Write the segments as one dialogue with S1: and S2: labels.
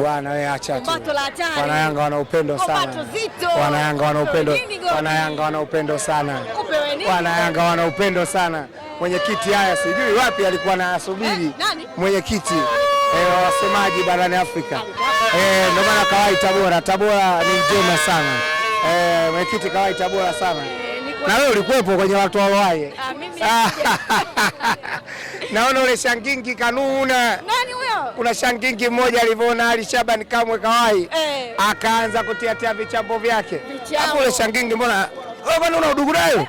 S1: Bwana wewe acha tu. Wana Yanga wana upendo sana. Wana Yanga wana upendo. Wana Yanga wana upendo sana. Wana Yanga wana upendo sana. Mwenyekiti haya sijui wapi alikuwa na asubiri eh, mwenyekiti eh, wasemaji barani Afrika eh, ndio maana kawai Tabora. Tabora ni njema sana eh, mwenyekiti kawai Tabora sana eh, na wewe ulikuwepo kwenye watu wa waye. Ah, Naona ule shangingi kanuna kuna shangingi mmoja alivyoona Ali Shaban Kamwe kawahi eh, akaanza kutiatia vichambo vyake. Ule shangingi mbona bwana una udugu naye? Eh,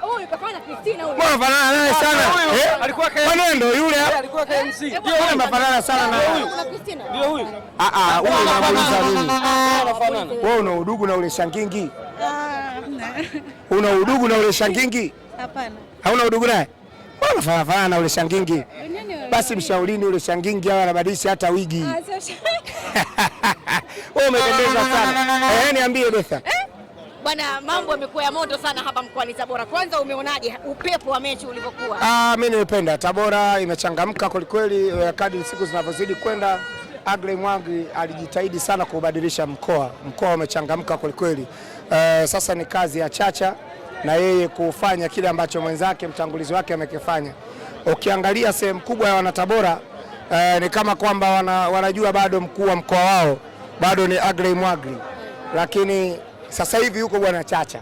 S1: mbona fanana naye ah, sana? Eh? Alikuwa kwa yule hapo. Eh, alikuwa MC. Ndio yule mafanana sana na
S2: huyu. Ndio huyu.
S1: Ah ah, huyu Wewe una udugu na ule shangingi?
S2: Ah, hamna.
S1: Una udugu na ule shangingi? Hapana. Hauna udugu naye? anafanana na ule shangingi. Basi mshaulini ule shangingi hawa anabadilisha hata wigi. Ah, Wewe umependeza sana. Eh, niambie Betha. Eh?
S2: Bwana, mambo yamekuwa ya moto sana hapa mkoani Tabora. Kwanza umeonaje upepo wa mechi ulivyokuwa?
S1: Ah, mimi nimependa. Tabora imechangamka kwelikweli eh, kadri siku zinavyozidi kwenda. Agle Mwangi alijitahidi sana kuubadilisha mkoa. Mkoa umechangamka kwelikweli. Uh, sasa ni kazi ya Chacha na yeye kufanya kile ambacho mwenzake mtangulizi wake amekifanya. Ukiangalia sehemu kubwa ya wanatabora eh, ni kama kwamba wana, wanajua bado mkuu wa mkoa wao bado ni Agrey Mwagri, lakini sasa hivi yuko bwana Chacha.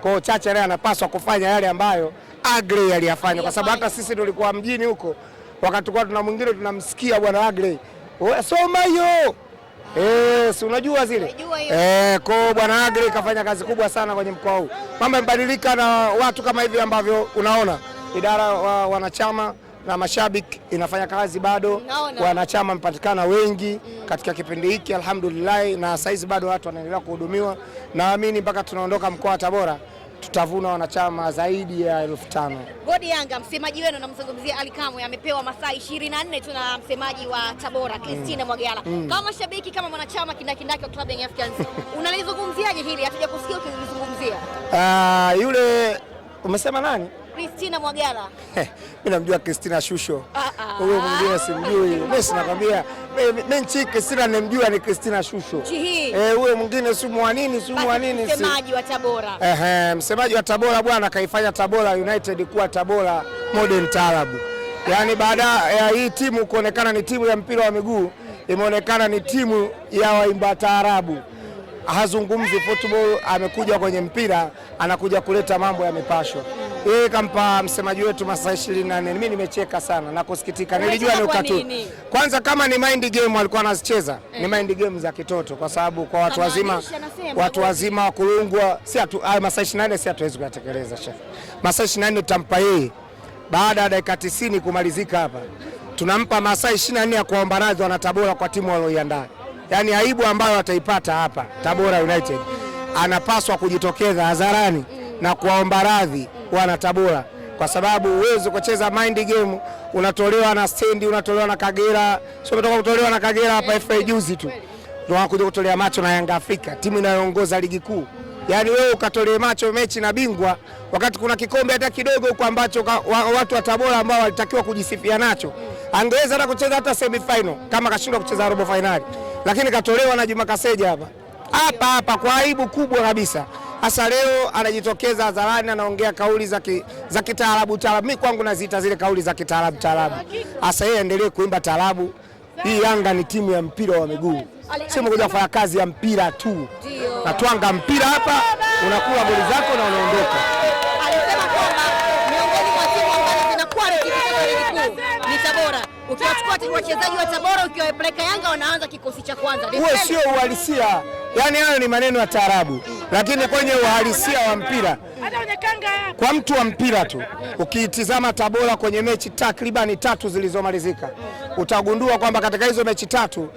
S1: Kwa hiyo Chacha naye anapaswa kufanya yale ambayo Agrey aliyafanya, kwa sababu hata sisi tulikuwa mjini huko wakati kwa tuna mwingine tunamsikia bwana Agrey, soma hiyo Eh, si unajua zile eh, kwa bwana Agri kafanya kazi kubwa sana kwenye mkoa huu. Mambo yamebadilika na watu kama hivi ambavyo unaona idara wa wanachama na mashabiki inafanya kazi bado no, no. Wanachama wamepatikana wengi mm. Katika kipindi hiki alhamdulillah, na saizi bado watu wanaendelea kuhudumiwa. Naamini mpaka tunaondoka mkoa wa Tabora tutavuna wanachama zaidi ya elfu tano.
S2: Godi Yanga, msemaji wenu namzungumzia ali kamwe amepewa masaa ishirini na nne tu na msemaji wa Tabora Kristina mm. Mwagala mm. kama shabiki kama mwanachama kindakindaki wa klabu ya Africans unalizungumziaje hili? kusikia ukizungumzia.
S1: Uh, ah, yule umesema nani?
S2: Christina Mwagara.
S1: Mimi namjua Christina Shusho. Ah, ah. Huyo mwingine simjui. Ah. Mimi sinakwambia mimi eh, nchi Christina nimjua ni Christina Shusho. Eh, huyo mwingine si mwanini si mwanini
S2: si msemaji wa Tabora.
S1: Eh, msemaji wa Tabora bwana kaifanya Tabora United kuwa Tabora Modern Taarabu. Yaani baada ya hii timu kuonekana ni timu ya mpira wa miguu imeonekana ni timu ya waimba taarabu. Hazungumzi football, amekuja kwenye mpira, anakuja kuleta mambo ya mipasho yeye kampa msemaji wetu masaa 24. Mimi nimecheka sana na kusikitika, nilijua ni ukatuni. Kwanza kama ni mind game alikuwa anazicheza eh, ni mind game za kitoto, kwa sababu kwa watu wazima, watu wazima wakulungwa, si atu haya ah, masaa 24, si hatuwezi kuyatekeleza chef. Masaa 24 tutampa yeye baada ya dakika 90 kumalizika hapa, tunampa masaa 24 ya kuomba radhi wana Tabora kwa timu walioiandaa, yaani aibu ambayo wataipata hapa Tabora United, anapaswa kujitokeza hadharani na kuwaomba radhi wana Tabora, kwa sababu uwezo kucheza mind game unatolewa na stendi, unatolewa na Kagera, sio umetoka kutolewa na Kagera hapa FA juzi tu, ndio wakuja kutolea macho na Yanga Afrika, timu inayoongoza ligi kuu. Yani wewe ukatolea macho mechi na bingwa, wakati kuna kikombe hata kidogo huko ambacho wa, watu wa Tabora ambao walitakiwa kujisifia nacho, angeweza hata kucheza hata semi final kama kashindwa kucheza robo finali, lakini katolewa na Juma Kaseja hapa hapa hapa kwa aibu kubwa kabisa. Hasa leo anajitokeza hadharani, anaongea kauli za kitaarabu taarabu. Mimi kwangu naziita zile kauli za kitaarabu taarabu. Hasa yeye aendelee kuimba taarabu. Hii Yanga ni timu ya mpira wa miguu, sio mekuja kufanya kazi ya mpira tu. Natwanga mpira hapa, unakula goli zako na unaondoka.
S2: Alisema kwamba miongoni mwa timu ambazo zinakuwa na kitu ni Tabora ukiwachukua wachezaji wa Tabora ukiwapeleka Yanga wanaanza kikosi cha kwanza.
S1: Wewe sio uhalisia. Yaani hayo ni maneno ya taarabu, lakini kwenye uhalisia wa mpira, kwa mtu wa mpira tu, ukiitizama Tabora kwenye mechi takribani tatu zilizomalizika, utagundua kwamba katika hizo mechi tatu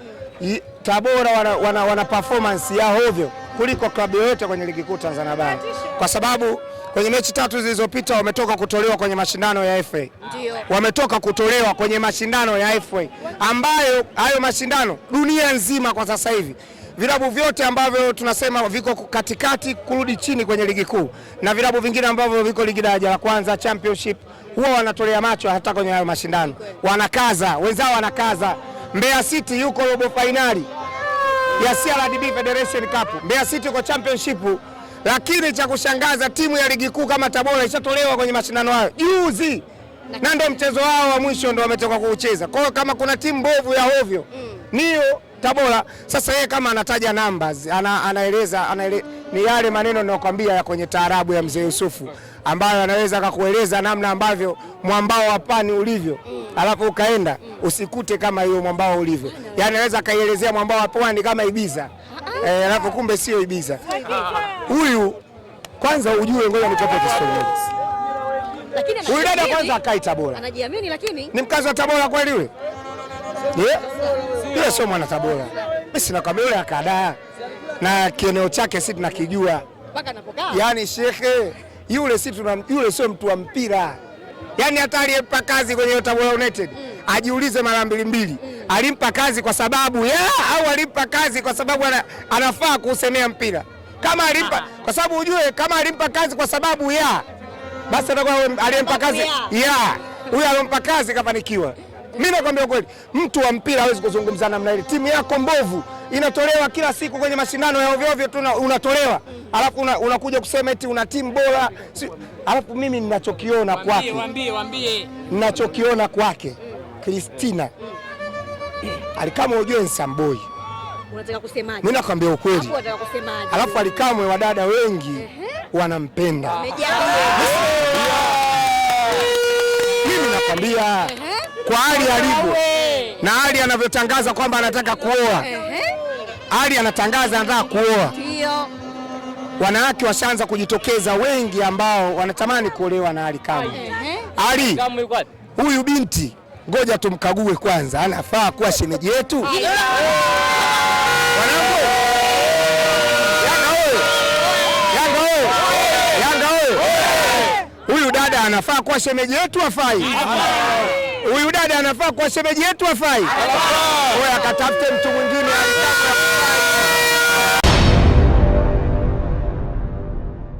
S1: Tabora wana, wana, wana performance ya hovyo kuliko klabu yoyote kwenye ligi kuu Tanzania Bara, kwa sababu kwenye mechi tatu zilizopita wametoka kutolewa kwenye mashindano ya FA. Ndio. Wametoka kutolewa kwenye mashindano ya FA ambayo hayo mashindano dunia nzima kwa sasa hivi vilabu vyote ambavyo tunasema viko katikati kurudi chini kwenye ligi kuu na vilabu vingine ambavyo viko ligi daraja la kwanza championship, huwa wanatolea macho hata kwenye hayo mashindano, wanakaza wenzao, wanakaza. Mbeya City yuko robo fainali ya CRDB Federation Cup, Mbeya City yuko championship, lakini cha kushangaza timu ya ligi kuu kama Tabora ishatolewa kwenye mashindano hayo juzi, na ndio mchezo wao wa mwisho ndio wametoka kuucheza. Kwa hiyo kama kuna timu mbovu ya ovyo mm. niyo Tabora. Sasa yeye kama anataja numbers, ana, anaeleza anaele, ni yale maneno ninayokwambia ya kwenye taarabu ya mzee Yusufu ambayo anaweza akakueleza namna ambavyo mwambao wa Pani ulivyo, alafu ukaenda usikute kama hiyo mwambao ulivyo. Yani anaweza akaielezea mwambao wa Pwani kama Ibiza e, alafu kumbe sio Ibiza. Huyu kwanza ujue, ngoja nikupe historia. Huyu dada kwanza akai Tabora,
S2: anajiamini, lakini
S1: ni mkazi wa Tabora kweli wewe Eh? Yule sio mwana Tabora. Mimi sina kamera ya akadaa na kieneo chake si tunakijua. Mpaka anapokaa. Yaani shekhe, yule si tuna yule sio mtu wa mpira. Yaani hata aliyempa kazi kwenye Tabora United mm. ajiulize mara mbili mbili. Mm. Alimpa kazi kwa sababu ya au alimpa kazi kwa sababu ana, anafaa kusemea mpira. Kama alimpa ah. kwa sababu ujue kama alimpa kazi kwa sababu ya basi atakuwa aliyempa kazi ya huyo alompa kazi kafanikiwa. Mimi nakwambia kweli, mtu wa mpira hawezi kuzungumza namna ile. Timu yako mbovu inatolewa kila siku kwenye mashindano ya ovyo ovyo tu, unatolewa alafu unakuja una kusema eti una timu bora si, alafu mimi ninachokiona kwake,
S2: waambie waambie,
S1: ninachokiona kwake Kristina Alikamwe ujue ni samboi.
S2: Unataka kusemaje?
S1: Mimi nakwambia ukweli.
S2: Unataka kusemaje?
S1: Alafu Alikamwe wadada wengi wanampenda. Mimi nakwambia kwa hali alivyo na hali anavyotangaza kwamba anataka kuoa. Hali anatangaza anataka kuoa, wanawake washaanza kujitokeza wengi ambao wanatamani kuolewa na hali kama hali. Huyu binti ngoja tumkague kwanza, anafaa kuwa shemeji yetu? Huyu dada anafaa kuwa shemeji yetu, afai? Huyu dada anafaa kuwa shemeji yetu, afai? Akatafute mtu mwingine.